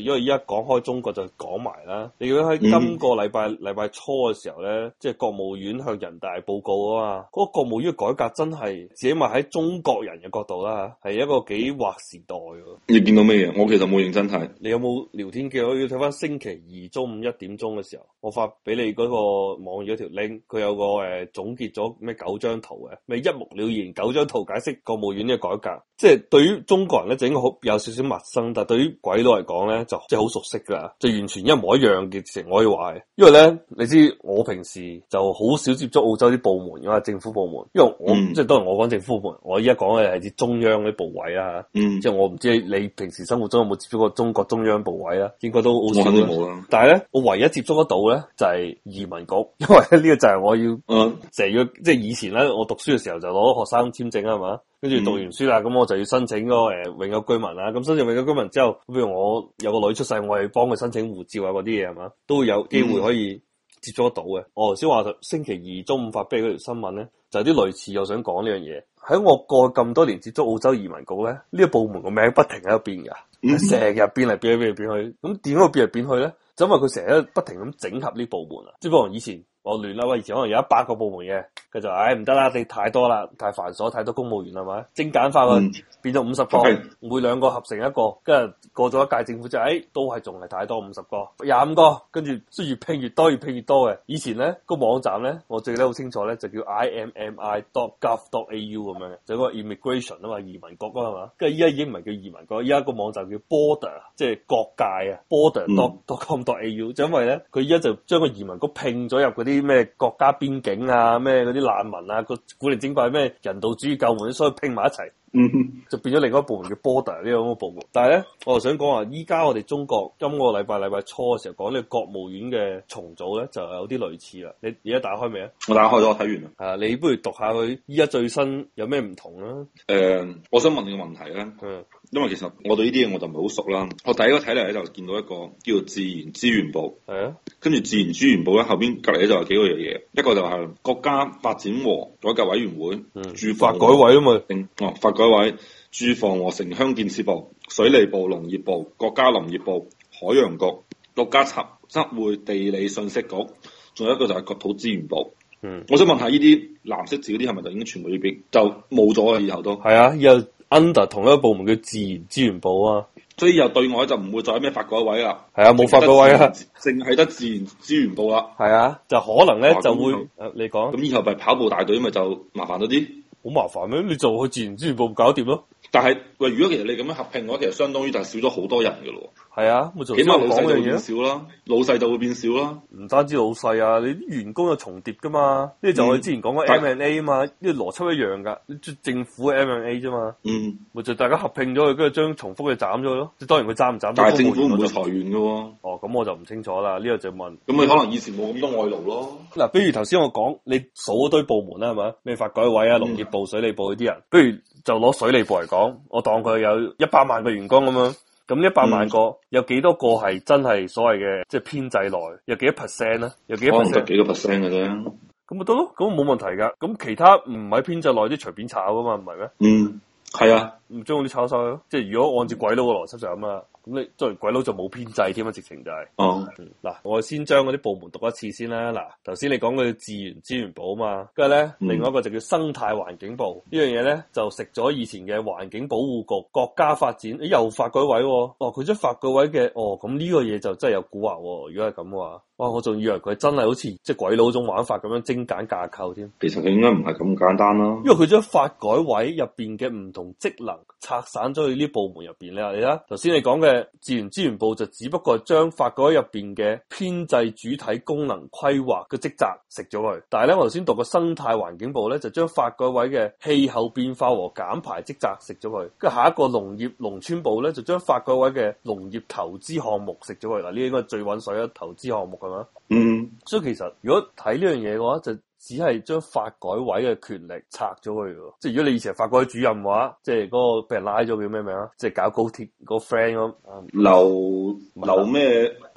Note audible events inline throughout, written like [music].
因為一講開中國就講埋啦，你如果喺今個禮拜、嗯、禮拜初嘅時候咧，即係國務院向人大報告啊嘛。嗰、那個國務院嘅改革真係，起碼喺中國人嘅角度啦，係一個幾劃時代。你見到咩嘢？我其實冇認真睇。你有冇聊天記錄？要睇翻星期二中午一點鐘嘅時候，我發俾你嗰個網頁條 link，佢有個誒、呃、總結咗咩九張圖嘅，咪一目了然九張圖解釋國務院呢個改革。即係對於中國人咧，整個好有少少陌生，但係對於鬼佬嚟講咧。就即係好熟悉噶，就完全一模一樣嘅事情，我可以話因為咧，你知我平時就好少接觸澳洲啲部門噶嘛，政府部門。因為我、嗯、即係當然我講政府部門，我依家講嘅係啲中央啲部委啊，嗯，即係我唔知你平時生活中有冇接觸過中國中央部委啊，應該都好少都冇啦。但係咧，我唯一接觸得到咧就係移民局，因為呢個就係我要，成日、嗯、要即係以前咧我讀書嘅時候就攞學生簽證啊，係嘛。跟住讀完書啦，咁我就要申請嗰、那個誒、呃、永久居民啦。咁申請永久居民之後，譬如我有個女出世，我係幫佢申請護照啊，嗰啲嘢係嘛，都會有機會可以接觸得到嘅。嗯、我頭先話星期二中午發俾你嗰條新聞咧，就有啲類似又想講呢樣嘢。喺我過咁多年接觸澳洲移民局咧，呢個部門個名不停喺度、嗯、變噶，成日變嚟變去變嚟變去。咁點解會變嚟變去咧？就因為佢成日不停咁整合呢部門啊，即係講以前。我亂啦，以前可能有一百個部門嘅，佢就唉，唔得啦，你太多啦，太繁瑣，太多公務員係嘛？精簡化佢，變咗五十個，每兩個合成一個。跟住過咗一屆政府就誒、哎，都係仲係太多五十個、廿五個，跟住即係越拼越多，越拼越多嘅。以前咧、個網站咧，我最記得好清楚咧，就叫 I M M I dot gov dot A U 咁樣嘅，就係、個 immigration 啊嘛移民局啦係嘛？跟住依家已經唔係叫移民局，依家個網站叫 order, border，即係國界啊 border dot com dot A U，就因為咧佢依家就將個移民局拼咗入嗰啲。啲咩國家邊境啊，咩嗰啲難民啊，個古靈精怪咩，啊、人道主義救援，所以拼埋一齊， [laughs] 就變咗另一部門叫波 o r d e 呢種部門。但係咧，我就想講話，依家我哋中國今個禮拜禮拜初嘅時候講呢國務院嘅重組咧，就有啲類似啦。你而家打開未啊？我打開咗，我睇完啦。啊，你不如讀下佢依家最新有咩唔同啦？誒、呃，我想問你個問題咧。因為其實我對呢啲嘢我就唔係好熟啦。我第一個睇嚟咧就見到一個叫做自然資源部，係啊。跟住自然資源部咧後邊隔籬就有幾個樣嘢，一個就係國家發展和改革委員會、嗯、住發改委啊嘛。嗯。哦，發改委、住房和城鄉建設部、水利部、農業部、國家林業部、海洋局、國家測測繪地理信息局，仲有一個就係國土資源部。嗯。我想問下呢啲藍色字嗰啲係咪就已經全部呢邊就冇咗啊？以後都係啊，以後。under 同一個部門叫自然資源部啊，所以又對外就唔會再有咩發改委啦，係啊，冇發改委啊，淨係得自然資源部啦，係啊就可能咧就會，誒你講，咁以後咪、呃、跑步大隊咪就麻煩咗啲，好麻煩咩？你做個自然資源部搞掂咯，但係喂如果其實你咁樣合併嘅話，其實相當於就少咗好多人噶咯。係啊，冇做。起碼老細會變少啦，老細就會變少啦。唔單止老細啊，你員工又重疊噶嘛？呢就、嗯、我之前講個 M and A 嘛，呢邏輯一樣噶。政府 M and A 啫嘛，嗯，咪就大家合併咗，佢，跟住將重複嘅斬咗咯。當然佢斬唔斬，但係政府唔會裁員噶、啊。哦，咁我就唔清楚啦。呢、這個就問。咁你可能以前冇咁多外勞咯。嗱、嗯，比如頭先我講你數嗰堆部門啦，係咪？咩發改委啊、農業部、水利部嗰啲人，不如、嗯、就攞水利部嚟講，我當佢有一百萬個員工咁、嗯、樣。咁一百萬個、嗯、有幾多個係真係所謂嘅即係編制內，有幾多 percent 咧？有幾多 percent？幾個 percent 嘅啫，咁咪得咯，咁冇問題噶。咁其他唔喺編制內啲隨便炒噶嘛，唔係咩？嗯。係啊，唔將嗰啲炒晒咯，即係如果按照鬼佬嘅邏輯就咁啦，咁你作為鬼佬就冇編制添啊，直情就係、是。哦、嗯，嗱、嗯，我先將嗰啲部門讀一次先啦。嗱，頭先你講佢自然資源部啊嘛，跟住咧另外一個就叫生態環境部，這個，呢樣嘢咧就食咗以前嘅環境保護局國家發展，你又發改委、啊，哦佢將發改委嘅。哦咁呢個嘢就真係有蠱惑、啊，如果係咁嘅話。哇！我仲以為佢真係好似即係鬼佬種玩法咁樣精簡架構添。其實佢應該唔係咁簡單咯啊。因為佢將發改委入邊嘅唔同職能拆散咗去呢部門入邊。你話你啦，頭先你講嘅自然資源部就只不過將發改委入邊嘅編制主體功能規劃嘅職責食咗佢。但係咧，我頭先讀個生態環境部咧就將發改委嘅氣候變化和減排職責食咗佢。跟住下一個農業農村部咧就將發改委嘅農業投資項目食咗佢。嗱，呢個應該最揾水嘅投資項目。係嘛？嗯，所以其實如果睇呢樣嘢嘅話，就只係將發改委嘅權力拆咗佢。即係如果你以前係發改委主任嘅話，即係嗰個俾人拉咗叫咩名啊？即係搞高鐵個 friend 咁，留留咩？話有幾多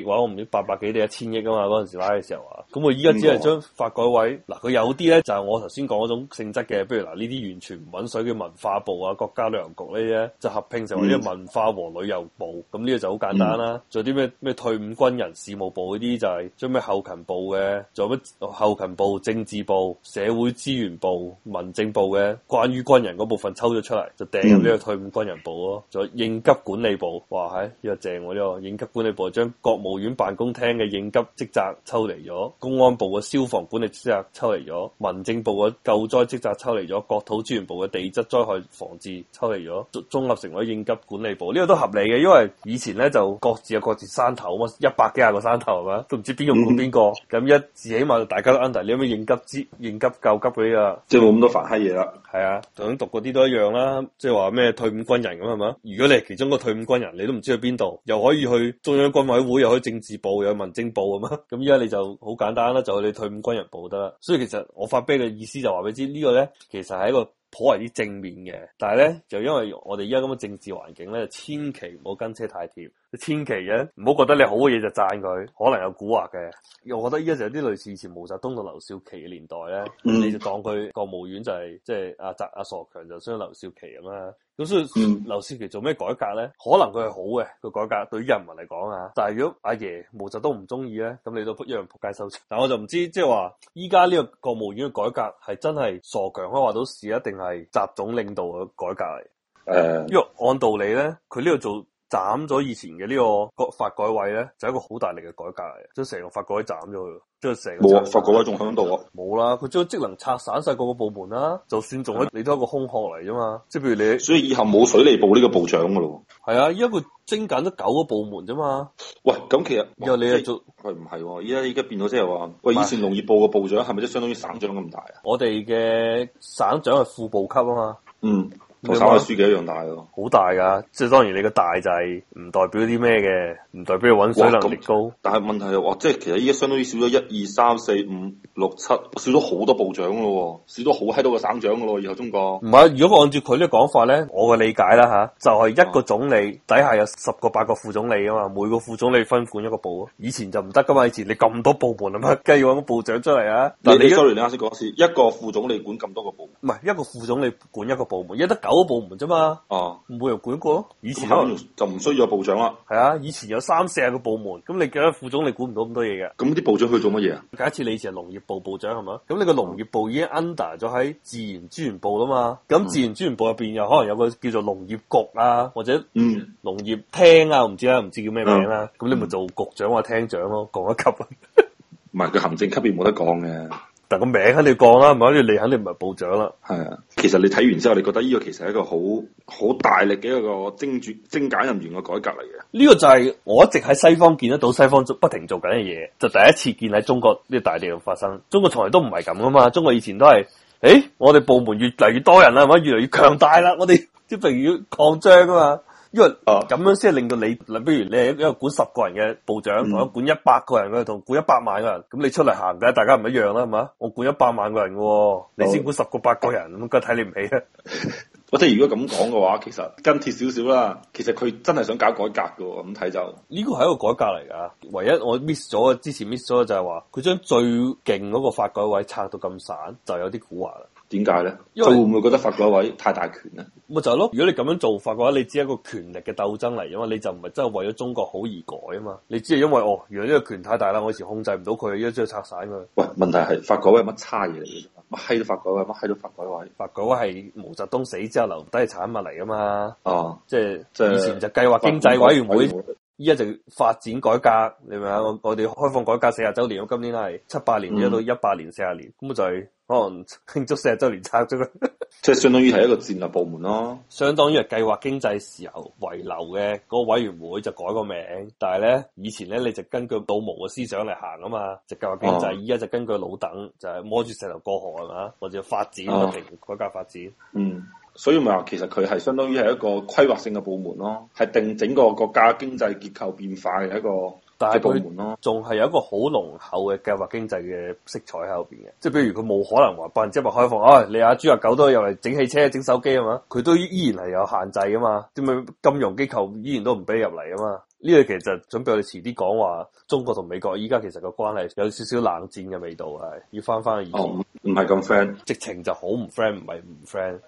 億，話我唔知八百幾定一千億啊嘛，嗰陣時拉嘅時候啊，咁我依家只係將發改委嗱佢、嗯、有啲咧就係、是、我頭先講嗰種性質嘅，譬如嗱呢啲完全唔搵水嘅文化部啊、國家旅遊局呢啲咧就合併成為呢個文化和旅遊部，咁呢、嗯、個就好簡單啦。仲、嗯、有啲咩咩退伍軍人事務部嗰啲就係將咩後勤部嘅，仲有咩後勤部、政治部、社會資源部、民政部嘅關於軍人嗰部分抽咗出嚟，就掟入呢個退伍軍人部咯。仲有應急管理部，哇係呢、哎這個正喎，呢個應急。管理部將國務院辦公廳嘅應急職責抽離咗，公安部嘅消防管理職責抽離咗，民政部嘅救災職責抽離咗，國土資源部嘅地質災害防治抽離咗，綜合成為應急管理部。呢、這個都合理嘅，因為以前咧就各自有各自山頭啊嘛，一百幾廿個山頭係嘛，都唔知邊個管邊個？咁、嗯、一，至起碼大家都 under，你有咩應急支、應急救急嗰啲啊？即係冇咁多煩閪嘢啦。係啊，想讀嗰啲都一樣啦、啊。即係話咩退伍軍人咁係嘛？如果你係其中個退伍軍人，你都唔知去邊度，又可以去。中央軍委會又去政治部，又去民政部咁啊，咁依家你就好簡單啦，就去你退伍軍人部得啦。所以其實我發俾嘅意思就話俾你知，呢、呢個咧其實係一個頗為啲正面嘅，但係咧就因為我哋依家咁嘅政治環境咧，千祈唔好跟車太貼。千祈嘅、啊，唔好覺得你好嘅嘢就讚佢，可能有蠱惑嘅。又我覺得依家就有啲類似以前毛澤東同劉少奇嘅年代咧、啊， [laughs] 你就當佢國務院就係即係阿習阿傻強、啊、就相當於劉少奇咁啦、啊。咁所以劉少奇做咩改革咧？可能佢係好嘅，個改革對於人民嚟講啊。但係如果阿爺毛澤東唔中意咧，咁你都一樣撲街收場。但係我就唔知即係話依家呢個國務院嘅改革係真係傻強可話到事、啊，定係習總領導嘅改革嚟。誒、uh，因為按道理咧，佢呢度做。斬咗以前嘅呢個國發改委咧，就係、一個好大力嘅改革嚟，嘅。將成個發改委斬咗。佢，將成冇啊，發改委仲喺度啊？冇啦，佢將職能拆散晒各個部門啦，就算仲喺你都係一個空殼嚟啫嘛。的即係譬如你，所以以後冇水利部呢個部長噶咯。係啊，因為佢精簡咗九個部門啫嘛。喂，咁其實又你係做？佢唔係，依家依家變咗即係話，喂，以前農業部嘅部長係咪即係相當於省長咁大啊？我哋嘅省長係副部級啊嘛。嗯。嗯嗯嗯嗯同省委書記一樣大咯、啊，好大噶、啊，即係當然你個大就係唔代表啲咩嘅，唔代表你揾水能力高。但係問題係，哇，即係其實依家相當於少咗一二三四五六七，少咗好多部長咯，少咗好閪多個省長噶咯，以後中國。唔係，如果按照佢呢個講法咧，我嘅理解啦吓，就係、是、一個總理、嗯、底下有十個八個副總理啊嘛，每個副總理分管一個部。啊，以前就唔得噶嘛，以前你咁多部門啊嘛，梗係要搵個部長出嚟啊。嗱你，但你 sorry，你啱先講一次，一個副總理管咁多個部門？唔係，一個副總理管一個部門，一得好部門啫嘛，哦、啊，冇人管過咯。以前可能就唔需要有部長啦。係啊，以前有三四十個部門，咁你嘅副總你管唔到咁多嘢嘅。咁啲部長去做乜嘢啊？假設你以前係農業部部長係嘛，咁你個農業部已經 under 咗喺自然資源部噶嘛。咁自然資源部入邊又可能有個叫做農業局啊，或者嗯農業廳啊，唔知、嗯、知，知啊，唔知叫咩名啦。咁你咪做局長或廳長咯，降一級。唔係，佢行政級別冇得降嘅。但個名肯定降啦，唔係，你肯定唔係部長啦。係啊。其實你睇完之後，你覺得呢個其實係一個好好大力嘅一個精專精簡人員嘅改革嚟嘅。呢個就係我一直喺西方見得到西方不停做緊嘅嘢，就第一次見喺中國呢個大地度發生。中國從來都唔係咁噶嘛，中國以前都係，誒、哎，我哋部門越嚟越多人啦，係咪越嚟越強大啦？我哋即譬如擴張啊嘛。因為咁樣先係令到你，例如你一個管十個人嘅部長，或、嗯、管一百個人嘅，同管一百萬個人，咁你出嚟行嘅，大家唔一樣啦，係嘛？我管一百萬個人嘅，你先管十個、八個人，咁梗睇你唔起啦。 [laughs] 我即係如果咁講嘅話，其實跟貼少少啦。其實佢真係想搞改革嘅，咁睇就呢個係一個改革嚟噶。唯一我 miss 咗，之前 miss 咗就係話，佢將最勁嗰個發改委拆到咁散，就有啲古惑啦。點解咧？因為會唔會覺得發改委太大權咧？咪就係咯，如果你咁樣做法嘅話，你只係一個權力嘅鬥爭嚟啊嘛，你就唔係真係為咗中國好而改啊嘛，你只係因為哦，原來呢個權太大啦，我以前控制唔到佢，依家將佢拆晒啊嘛。喂，問題係發改委乜差嘢嚟嘅？乜閪都發改委，乜閪都發改委，發改委係毛澤東死之後留低產物嚟啊嘛。哦，即係以前就計劃經濟委員會，依家就發展改革。你明啊、嗯？我我哋開放改革四十周年，今年都係七八年，而家、嗯、到一八年四十年，根本、嗯、就係、是。可能慶祝四十周年咋啫，即係相當於係一個戰略部門咯、啊嗯。相當於係計劃經濟時候遺留嘅個委員會就改個名，但係咧，以前咧你就根據杜毛嘅思想嚟行啊嘛，就計劃經濟，依家、uh huh. 就根據老鄧就係、是、摸住石頭過河係嘛，或者發展個、uh huh. 國家發展。嗯，所以咪話其實佢係相當於係一個規劃性嘅部門咯、啊，係定整個國家經濟結構變化嘅一個。但係佢仲係有一個好濃厚嘅計劃經濟嘅色彩喺後邊嘅，即係譬如佢冇可能話百分之百開放，唉、哎，你阿豬阿狗都入嚟整汽車、整手機啊嘛，佢都依然係有限制噶嘛，點解金融機構依然都唔俾入嚟啊嘛？呢、呢個其實準備我哋遲啲講話，中國同美國依家其實個關係有少少冷戰嘅味道係，要返返去以前，唔係咁 friend，直情就好唔 friend，唔係唔 friend。